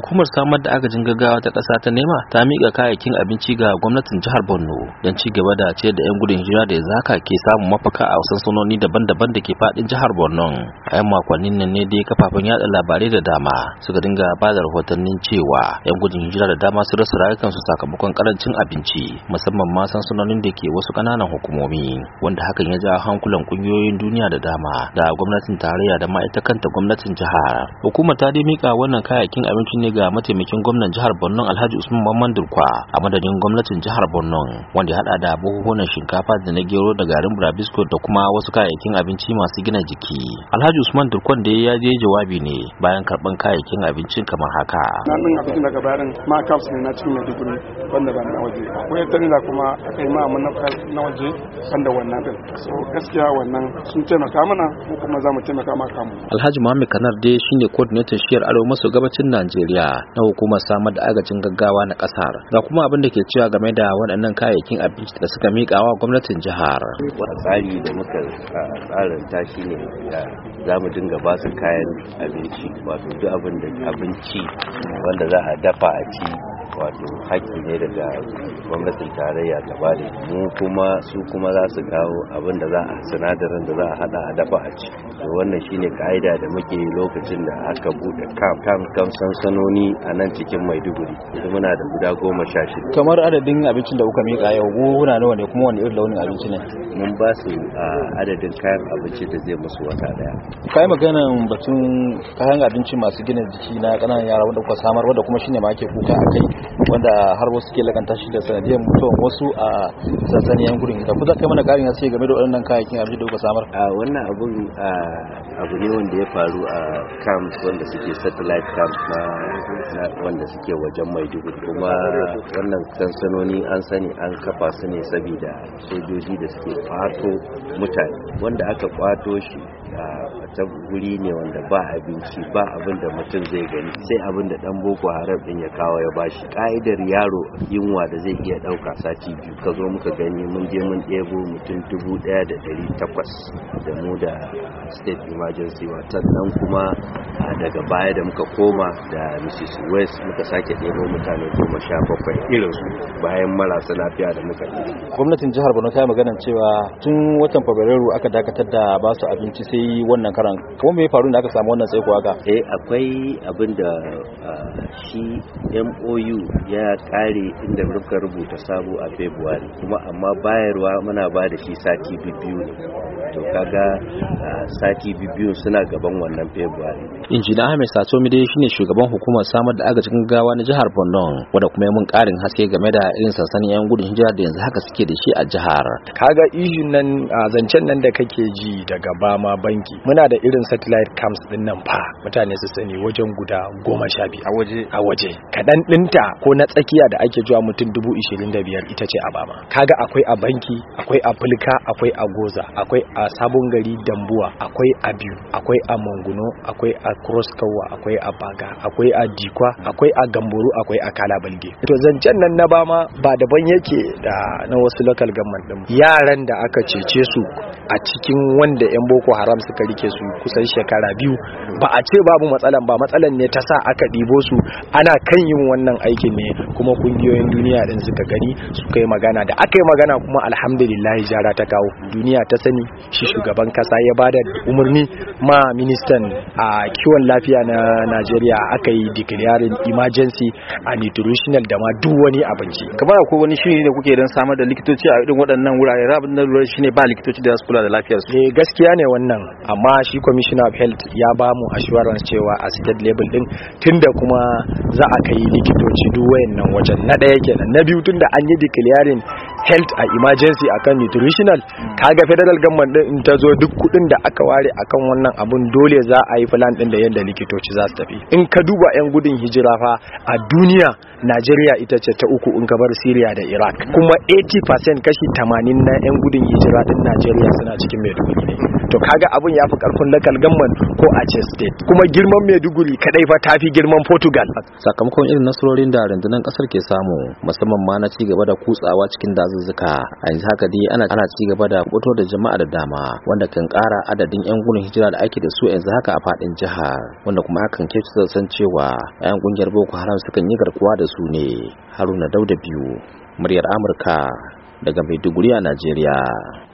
hukumar samar da agajin gaggawa ta ƙasa ta nema ta miƙa kayayyakin abinci ga gwamnatin jihar borno don ci gaba da ce da 'yan gudun hijira da zaka ke samun mafaka a sansanoni daban-daban da ke faɗin jihar borno a 'yan makonnin nan ne dai kafafen yada labarai da dama suka dinga ba da rahotannin cewa 'yan gudun hijira da dama su rasa rayukansu sakamakon karancin abinci musamman ma sansanonin da ke wasu ƙananan hukumomi wanda hakan ya ja hankulan ƙungiyoyin duniya da dama da gwamnatin tarayya da ma ita kanta gwamnatin jihar hukumar ta dai miƙa wannan kayayyakin abinci ne ga mataimakin gwamnan jihar Borno Alhaji Usman Mamman Durkwa a madadin gwamnatin jihar Borno wanda ya hada da buhuhunan shinkafa da na gero da garin burabisko da kuma wasu kayayyakin abinci masu gina jiki. Alhaji Usman Durkwa da ya je jawabi ne bayan karban kayayyakin abincin kamar haka. Wannan abincin daga bayan ma caps ne na cikin Maiduguri wanda ba na waje. Akwai da kuma akai ma mun na waje wanda wannan din. So gaskiya wannan sun taimaka mana ko kuma za mu taimaka ma kamu. Alhaji Muhammad Kanar dai shine coordinator shiyar Arewa maso gabacin Najeriya. Najeriya na hukumar samar da agajin gaggawa na kasar ga kuma abin da ke cewa game da waɗannan kayayyakin abinci da suka miƙa wa gwamnatin jihar. Tsari da muka tsaranta shi ne za mu dinga ba su kayan abinci wato duk abin da abinci wanda za a dafa a ci wato haƙƙi ne daga gwamnatin tarayya ta bada mu kuma su kuma za su kawo abin da za a sinadarin da za a hada a dafa a ci to wannan shine ka'ida da muke lokacin da aka bude kam kam kam sansanoni a nan cikin maiduguri muna da guda goma sha shida kamar adadin abincin da kuka miƙa yau gona nawa ne kuma wani irin launin abinci ne mun ba su adadin kayan abinci da zai musu wata daya kai maganan batun kayan abinci masu gina jiki na ƙananan yara wanda kuka samar wanda kuma shine ma ake kuka akai wanda har wasu ke laganta shi da sanadiyar mutuwan wasu a sansaniyan gurin hijira ku za ka mana karin haske game da waɗannan kayayyakin abinci da kuka samar a wannan abun abu ne wanda ya faru a camps wanda suke satellite camps na wanda suke wajen maiduguri kuma wannan sansanoni an sani an kafa su ne saboda sojoji da suke kwato mutane wanda aka kwato shi ta guri ne wanda ba abinci ba abin da mutum zai gani sai abin da dan boko haram din ya kawo ya bashi ka'idar yaro yunwa da zai iya dauka sati biyu ka zo muka gani mun je mun ɗebo mutum dubu ɗaya da ɗari takwas da mu da state emergency watan nan kuma daga baya da muka koma da mrs west muka sake ɗebo mutane goma sha bakwai irinsu bayan marasa lafiya da muka yi gwamnatin jihar borno ta yi maganar cewa tun watan fabrairu aka dakatar da basu abinci sai wannan karan kuma me ya faru da aka samu wannan tsaiko haka eh akwai abin da ah, shi MOU ya kare inda muka rubuta sabo a February kuma amma bayarwa muna ba da shi sati biyu ne to kaga ah, sati biyu suna gaban wannan February injina Ahmed mi dai shine shugaban hukumar samar da agajin gawa na jihar Borno wanda kuma ya mun karin haske game da irin sansani yan gudun hijira da yanzu haka suke da shi a jihar kaga ishin nan ah, zancen nan da kake ji daga bama banki muna da irin satellite camps din nan fa mutane su sani wajen guda goma sha biyu a waje a waje kaɗan ɗinta ko na tsakiya da ake zuwa mutum dubu ishirin da biyar ita ce a bama. kaga akwai a banki akwai a fulka akwai a goza akwai a sabon gari dambuwa akwai a biyu akwai a manguno akwai a cross kawa akwai a baga akwai a dikwa akwai a gamboru akwai a kalabalge to zancen nan na bama ba daban yake da na wasu local government din yaran da aka cece su a cikin wanda 'yan boko haram suka rike su kusan shekara biyu ba a ce babu matsalan ba matsalan ne ta sa aka ɗibo su ana kan yin wannan aikin ne kuma kungiyoyin duniya din suka gani suka yi magana da aka yi magana kuma alhamdulillah jara ta kawo duniya ta sani shi shugaban kasa ya ba da umarni ma ministan a kiwon lafiya na najeriya aka yi declaring emergency a nutritional da ma duk wani abinci kamar akwai wani shiri da kuke don samar da likitoci a irin waɗannan wurare rabin na lura shine ba likitoci da su kula kula da lafiyar su eh, gaskiya ne wannan amma shi commissioner of health ya ba mu assurance cewa a state label din tunda kuma za a kai likitoci duk wayannan wajen na daya kenan na biyu tunda an yi declaring health a emergency akan nutritional kaga federal government din ta zo duk kudin da aka ware akan wannan abun dole za a yi plan din da yadda likitoci za su tafi in ka duba yan gudun hijira fa a duniya Najeriya ita ce ta uku in ka bar Syria da Iraq kuma 80% kashi 80 na yan gudun hijira din Najeriya suna cikin Maiduguri ne to kaga abun ya fi karfin local government ko a ce state kuma girman maiduguri kadai fa fi girman portugal sakamakon irin nasarorin da rundunar kasar ke samu musamman ma na ci gaba da kutsawa cikin dazuzzuka a yanzu haka dai ana ana ci gaba da fito da jama'a da dama wanda kan kara adadin yan gudun hijira da ake da su yanzu haka a fadin jihar wanda kuma hakan ke san cewa yan kungiyar boko haram sukan yi garkuwa da su ne haruna dauda biyu muryar amurka daga maiduguri a najeriya